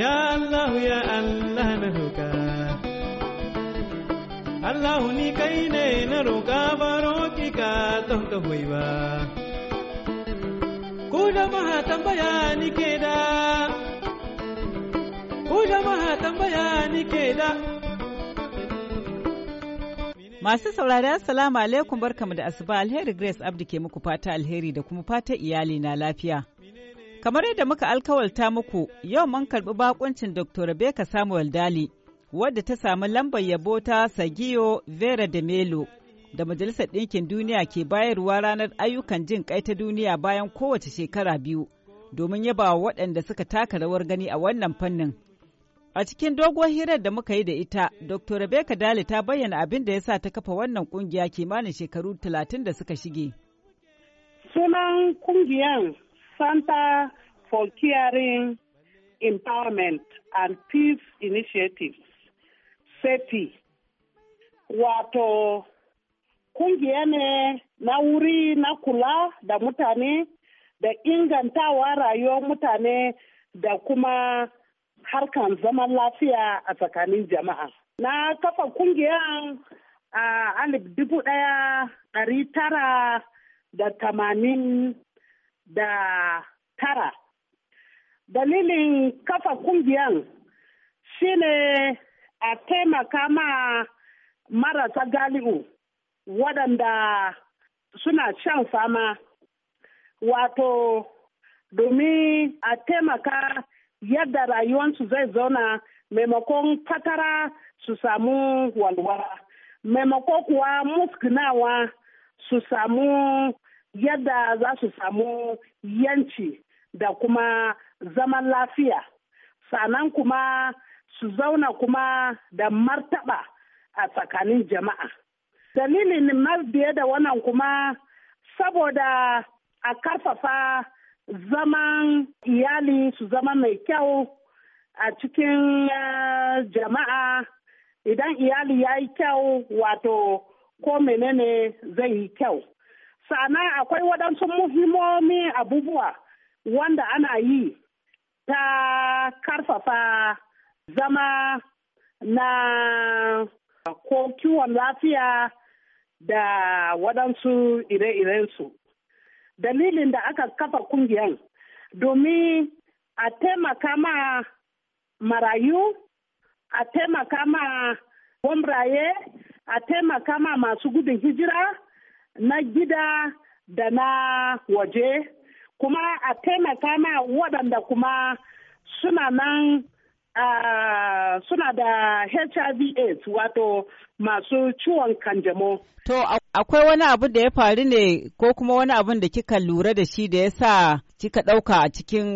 Ya Allah ya Allah na roƙa Allah ni kai ne na roƙa baro ki ka don ka hoyi ba Ku jama'a tambaya ni ke da Ku jama'a tambaya ni ke da Masu saurari Assalamu alaikum barkamu da asuba alheri Grace Abdi ke muku fata alheri da kuma fata iyali na lafiya. Kamar yadda muka alkawalta muku, yau mun karɓi bakuncin Dr. Rebecca Samuel Dali, wadda ta samu lambar yabo ta sagio Vera de Melo da Majalisar Ɗinkin Duniya ke bayarwa ranar ayyukan jin kai ta duniya bayan kowace shekara biyu, domin yabawa waɗanda suka taka rawar gani a wannan fannin. A cikin doguwar hirar da muka yi da ita, Dr. Rebecca Dali ta bayyana abin da ya sa ta kafa wannan ƙungiya kimanin shekaru talatin da suka shige. Sunan ƙungiyar Santa for caring, empowerment, and peace initiatives, SETI. Wato, kungiya ne na wuri na kula da mutane da ingantawa rayuwar mutane da kuma harkan zaman lafiya a tsakanin jama'a. Na kafa kungiyar a alif dubu ɗaya ɗari tara da tamanin da tara. Dalilin kafa kungiyan shine a taimaka ma marasa galihu waɗanda suna shan fama wato domin a taimaka yadda rayuwansu zai zauna maimakon fatara su samu walwala maimako kuwa muskunawa su samu yadda za su samu yanci da kuma zaman lafiya sannan kuma su zauna kuma da martaba a tsakanin jama'a dalilin mabiye da wannan kuma saboda a karfafa zaman iyali su zama mai kyau a cikin eh, jama'a idan iyali ya yi kyau wato ko menene zai yi kyau sannan akwai waɗansu muhimmomi abubuwa wanda ana yi ta karfafa zama na ko kiwon lafiya da waɗansu ire-irensu. Dalilin da aka kafa kungiyan domin a taimaka ma marayu, a taimaka ma gwamraye, a taimaka ma masu gudun hijira na gida da na waje. kuma a taimaka ma waɗanda kuma suna nan suna da hiv aids wato masu ciwon kanjamo to akwai wani abu da ya faru ne ko kuma wani abun da kika lura da shi da ya sa kika ɗauka a cikin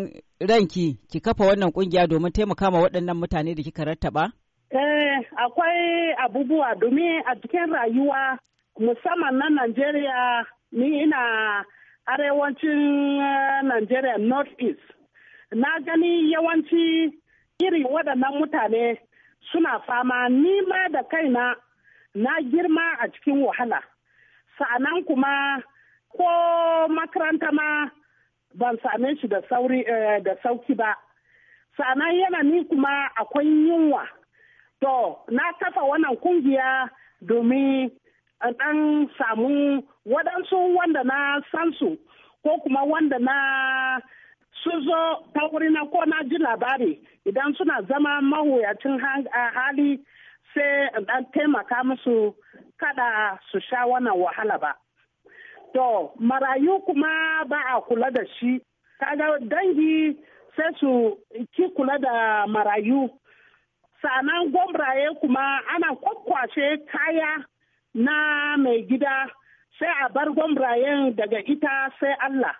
ranki ki kafa wannan kungiya domin taimaka ma waɗannan mutane da kika rattaba? Eh, akwai abubuwa domin a cikin rayuwa musamman na Najeriya ni ina arewacin eh, Najeriya North East, na gani yawanci irin waɗannan mutane suna fama nima da kaina na girma a cikin wahala. Sa'anan kuma ko makaranta ma ban same shi da sauri eh, da sauki ba. Sa'anan yana ni kuma akwai yunwa. To, na kafa wannan kungiya domin ɗan samu waɗansu wanda na san su ko kuma wanda na sun zo ta wurina ko na ji labari idan suna zama mawuyacin hali sai ɗan taimaka musu kada su sha wannan wahala ba. To, marayu kuma ba a kula da shi, kaga dangi sai su ki kula da marayu. Sa'anan gwamraye kuma ana kwakwashe kaya na mai gida sai a bar gwamrayen daga ita sai Allah.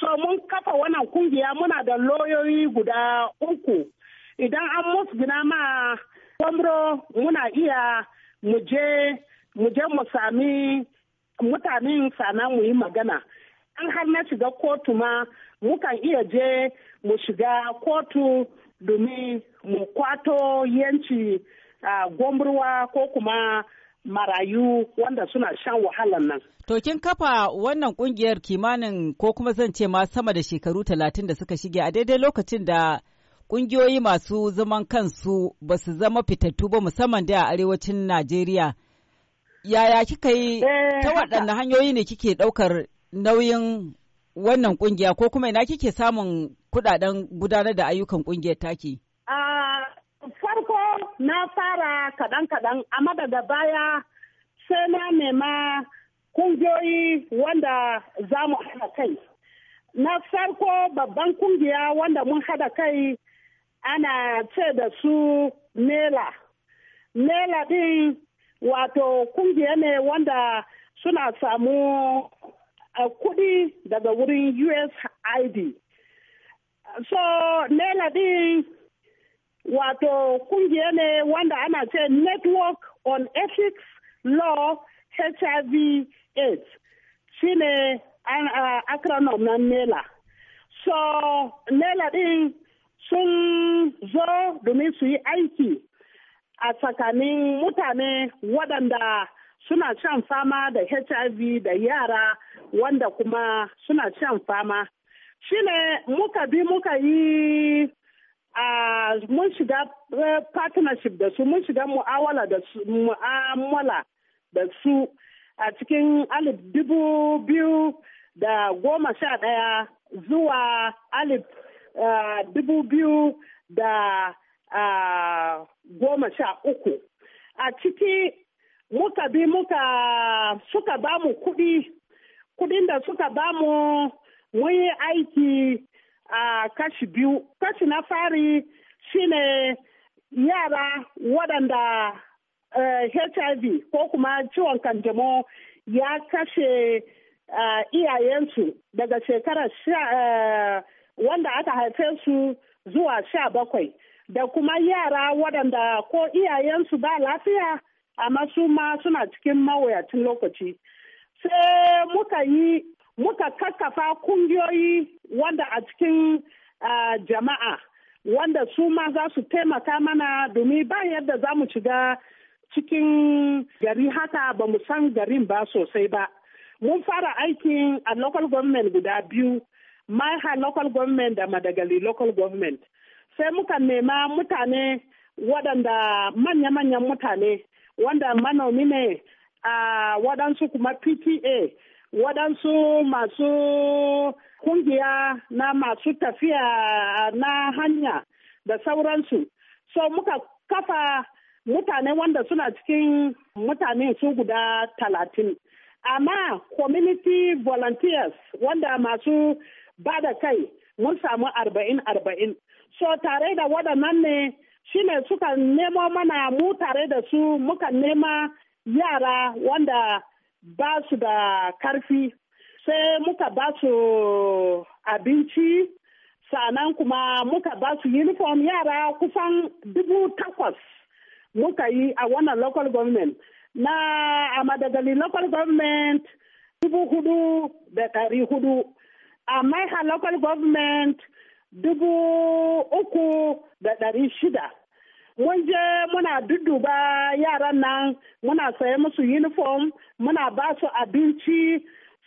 So mun kafa wannan kungiya muna da loyoyi guda uku. Idan an musgina ma gwamro muna iya mu je mu sami mutanen sana mu yi magana. An har na shiga kotu ma mukan iya je mu shiga kotu domin mu kwato yanci a ah, gwamruwa ko kuma marayu wanda suna shan wahalan nan. To kin kafa wannan kungiyar kimanin ko kuma zan ce ma sama da shekaru talatin da suka shige a daidai lokacin da kungiyoyi masu zaman kansu ba su zama fitattu ba musamman da a arewacin Najeriya. Yaya kika yi eh, ta waɗanne hanyoyi ne kike ɗaukar nauyin wannan kungiya ko kuma ina kike samun kuɗaɗen gudanar da ayyukan kungiyar taki? na fara kaɗan-kaɗan amma daga baya sai na nema kungiyoyi wanda za mu haɗa kai. Na farko babban kungiya wanda mun haɗa kai ana ce da su nela nela ɗin wato kungiya ne wanda suna samu kuɗi daga wurin USID. So, nela ɗin wato kungiya ne wanda ana ce network on ethics law hiv aids shine uh, acronym na nela so nela din sun zo domin su yi aiki a tsakanin mutane waɗanda suna shan fama da hiv da yara wanda kuma suna shan fama shine muka bi muka yi mun shiga eh, partnership da su mun shiga mu'awala da su mu'amala da su a cikin alif dubu biyu da goma sha ɗaya zuwa alif eh, dubu biyu da eh, goma sha uku a ciki muka bi muka suka bamu mu kuɗi kuɗin da suka bamu mu mun yi aiki a kashi biyu. Kashi na fari shine yara waɗanda HIV eh, ko kuma ciwon kanjamo ya kashe eh, iyayensu daga shekarar eh, wanda aka haife su zuwa sha bakwai da kuma yara waɗanda ko iyayensu ba lafiya amma su ma suna cikin mawuyacin lokaci. Sai muka yi muka kakkafa kungiyoyi wanda a cikin jama'a wanda su ma za su taimaka mana domin ba yadda za mu shiga cikin gari haka ba mu san garin ba sosai ba. Mun fara aikin a local government guda biyu, Maiha local government da Madagali local government. Sai muka nema mutane waɗanda manya-manyan mutane wanda manomi ne a waɗansu kuma PTA waɗansu masu kungiya na masu tafiya na hanya da sauransu. So muka kafa mutane wanda suna cikin mutane su guda talatin. Amma community volunteers wanda masu ba da kai mun samu arba'in arba'in. So tare da waɗannan ne shine suka nemo mana mu tare da su muka nema yara wanda ba su da karfi sai muka ba su abinci sannan kuma muka ba su uniform yara kusan dubu takwas muka yi a wannan local government na a madagali local government dubu hudu da dari hudu a maiha local government dubu uku da dari shida mun je muna dudduba yaran nan muna saye musu uniform muna ba su abinci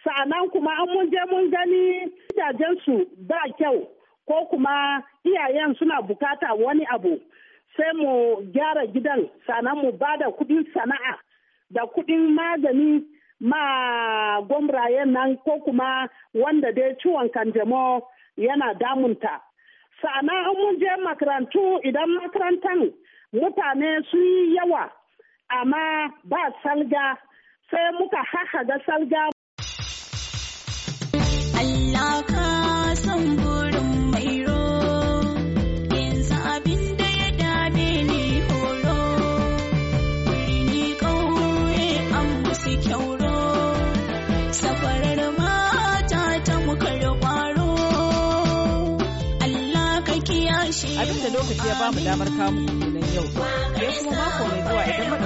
sa'anan kuma an mun je mun gani gidajensu ba kyau ko kuma iyayen suna bukata wani abu sai mu gyara gidan sa'anan mu ba da kudin sana'a da kudin magani ma gwamrayen nan ko kuma wanda dai ciwon kanjamo yana damunta sa'anan in mun je makarantu idan makarantan mutane su yi yawa amma ba salga sai muka ga salga abinda lokaci ya bamu damar kamu kenan yau ya kuma mako mai zuwa idan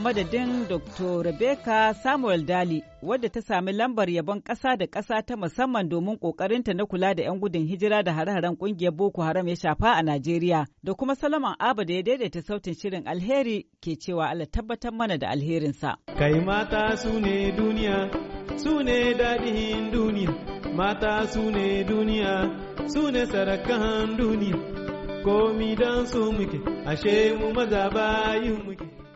madadin Dr. Rebecca Samuel Dali wadda ta sami lambar yabon ƙasa da ƙasa ta musamman domin ƙoƙarinta na kula da 'yan gudun hijira da hare-haren ƙungiyar Boko Haram ya shafa a Najeriya da kuma Salaman Abba da ya daidaita sautin shirin alheri ke cewa Allah tabbatar mana da alherinsa. Kai mata su ne duniya, su ne daɗin duniya, mata su ne duniya, su ne sarakan duniya, komi don su muke, ashe mu maza bayin muke.